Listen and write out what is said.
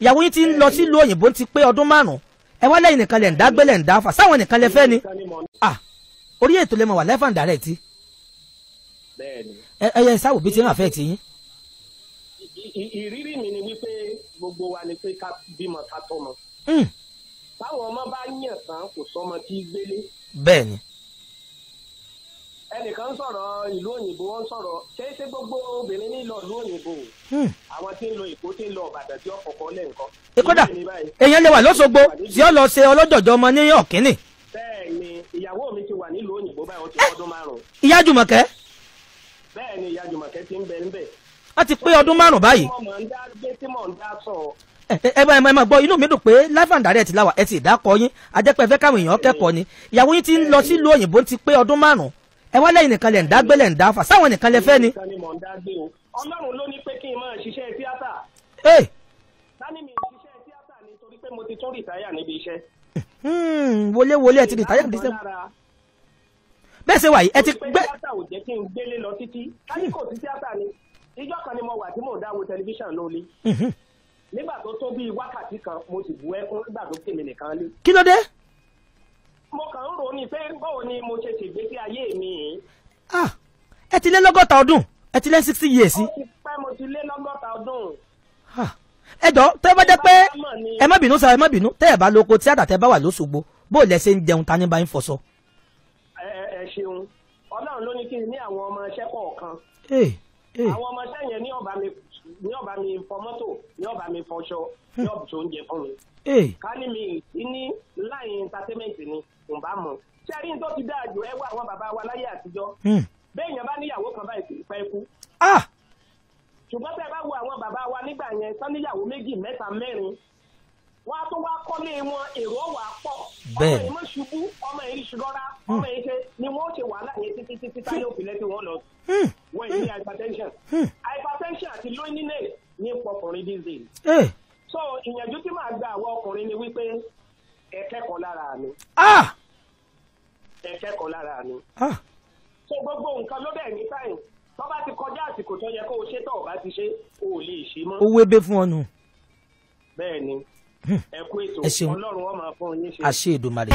ìyàwó yín ti ń lọ sílùú òyìnbó ti pé ọdún márùn-ún ẹ wá lẹ́yìn nìkan lẹ̀ ń dágbé lẹ̀ ń dáfà sáwọn nìkan lẹ fẹ́ ni orí ètò lẹ mọ̀ wà live and direct ẹ ẹ sáwò bí ti ń àfẹ́ ti yín. ìrírí mi ni wípé gbogbo wa ni pé ká bímọ ká tọmọ hmm. táwọn ọmọ bá yàn tán kò sọmọ tí gbélé. bẹ́ẹ̀ni ẹnìkan ń sọ̀rọ̀ ìlú òyìnbó wọ́n ń sọ̀rọ̀ ṣé ṣé gbogbo obìnrin ní lọ ìlú òyìnbó hmm. àwọn tí ń lọ èkó tí ń lọ ọ̀bàdàn tí ọkọ̀ kọ́ lẹ́ǹkan. Eh, kódà èèyàn lè wà lọ́sọ̀gbọ̀ tí ó lọ ṣe ọlọ́dọ̀dọ̀ ọmọ ní ọ̀kínì. bẹ́ẹ̀ni ìyàwó mi ti wà nílùú òyìnbó báyìí ó ti eh, ọdún márùn. ìyá jùmọ̀kẹ́. bẹ́ẹ̀ni ìyá jùmọ̀kẹ́ ti ń bẹ ń bẹ. a ti pé ọdún márùn báyìí. Eh, ẹ bá ẹ máa gbọ́ inú mi dùn pé life and direct láwà ẹ ti dákọ yín ajẹ́pẹ́ fẹ́ káwọn èèyàn kẹ́kọ̀ọ́ ni ìyàwó yín ti ń lọ sílùú òyìnbó ti pé ọdún márùn-ún ẹ wá lẹ́yìn nìkan lẹ̀ ń dágbé lẹ̀ ń dáfà sáwọn nìkan lẹ fẹ́ ni. ọlọ́run ló ní pé kí n máa ṣiṣẹ́ tíátà. dání mi ṣiṣẹ́ tíátà nítorí pé mo ti tún rìtáyà níbi iṣẹ́. wọléwọlé hmm, ẹ ti rìtáyà níbi iṣẹ́. bẹ́ẹ̀ ṣe wà ẹ ti gbé. tíátà ò jẹ́ kí n gbélé lọ títí káyí kò sí tíátà ni ìjọ kan ni mo wà tí mò ń dáwọ́ tẹlifíṣàn lórí mhm. nígbà tó tó bíi wákàtí kan mo sì bu ẹkún nígbà tó kémi nìkan lé. kí ló dé? ni pé báwo ni mo ṣe ṣègbésí ayé mi. Ah, ẹ ti lé lọ́gọ́ta ọdún ẹ ti lé sixty years. ó ti pẹ́ mo ti lé lọ́gọ́ta ọdún. Ah, ẹ jọ tẹ́ bá jẹ́ pé ẹ má bínú sọ ẹ má bínú tẹ́ ẹ bá lóko tí àdàtẹ́ bá wà lóṣogbo bó lẹ ṣe ń jẹun ta ní bá ń fọṣọ. ẹ ẹ ṣeun ọlọ́run ló ní kí n ní àwọn ọmọ iṣẹ́ kọ̀ọ̀kan. Eh. Eh. àwọn ọmọọṣẹ́ yẹn ní ọba mi ní ọba mi fọ mọ́tò ní ọba mi fọṣọ ní eh. ọbùsọ oúnjẹ fún mi. Eh. ká ní mi ní láì entertainment ni kò bá mọ. sẹ́rí tó ti dáa jù ẹ wá àwọn bàbá wa láyé àtijọ́. Hmm. bẹ́ẹ̀ yẹn bá níyàwó kan báyìí fẹ́ kú. Ah! ṣùgbọ́n tẹ́ ẹ bá wo àwọn bàbá wa nígbà yẹn sọ níyàwó méjì mẹ́ta mẹ́rin wọ́n á tún wá kọ́lé wọn èrò wà pọ̀. bẹ́ẹ̀ sáré òfin lẹ́sìn wọn lọ hmm. wọ́n ní hmm. hypertension hmm. hypertension àti loneliness ní pọkùnrin disease. Eh. so ìyànjú tí màá gba àwọn ọkùnrin ni wípé ẹ lára mi. Ah! ẹ lára mi. Ah! so gbogbo nǹkan ló dẹ̀ ní sáyẹn tó bá ti kọjá àsìkò tó yẹ kó o ṣe tó o bá ti ṣe o ò lè ṣe mọ́. owó ebe fún ọ nù. bẹ́ẹ̀ ni ẹ kú ètò Ọlọ́run wọn máa fún yín ṣe. àṣé Èdùmàrè.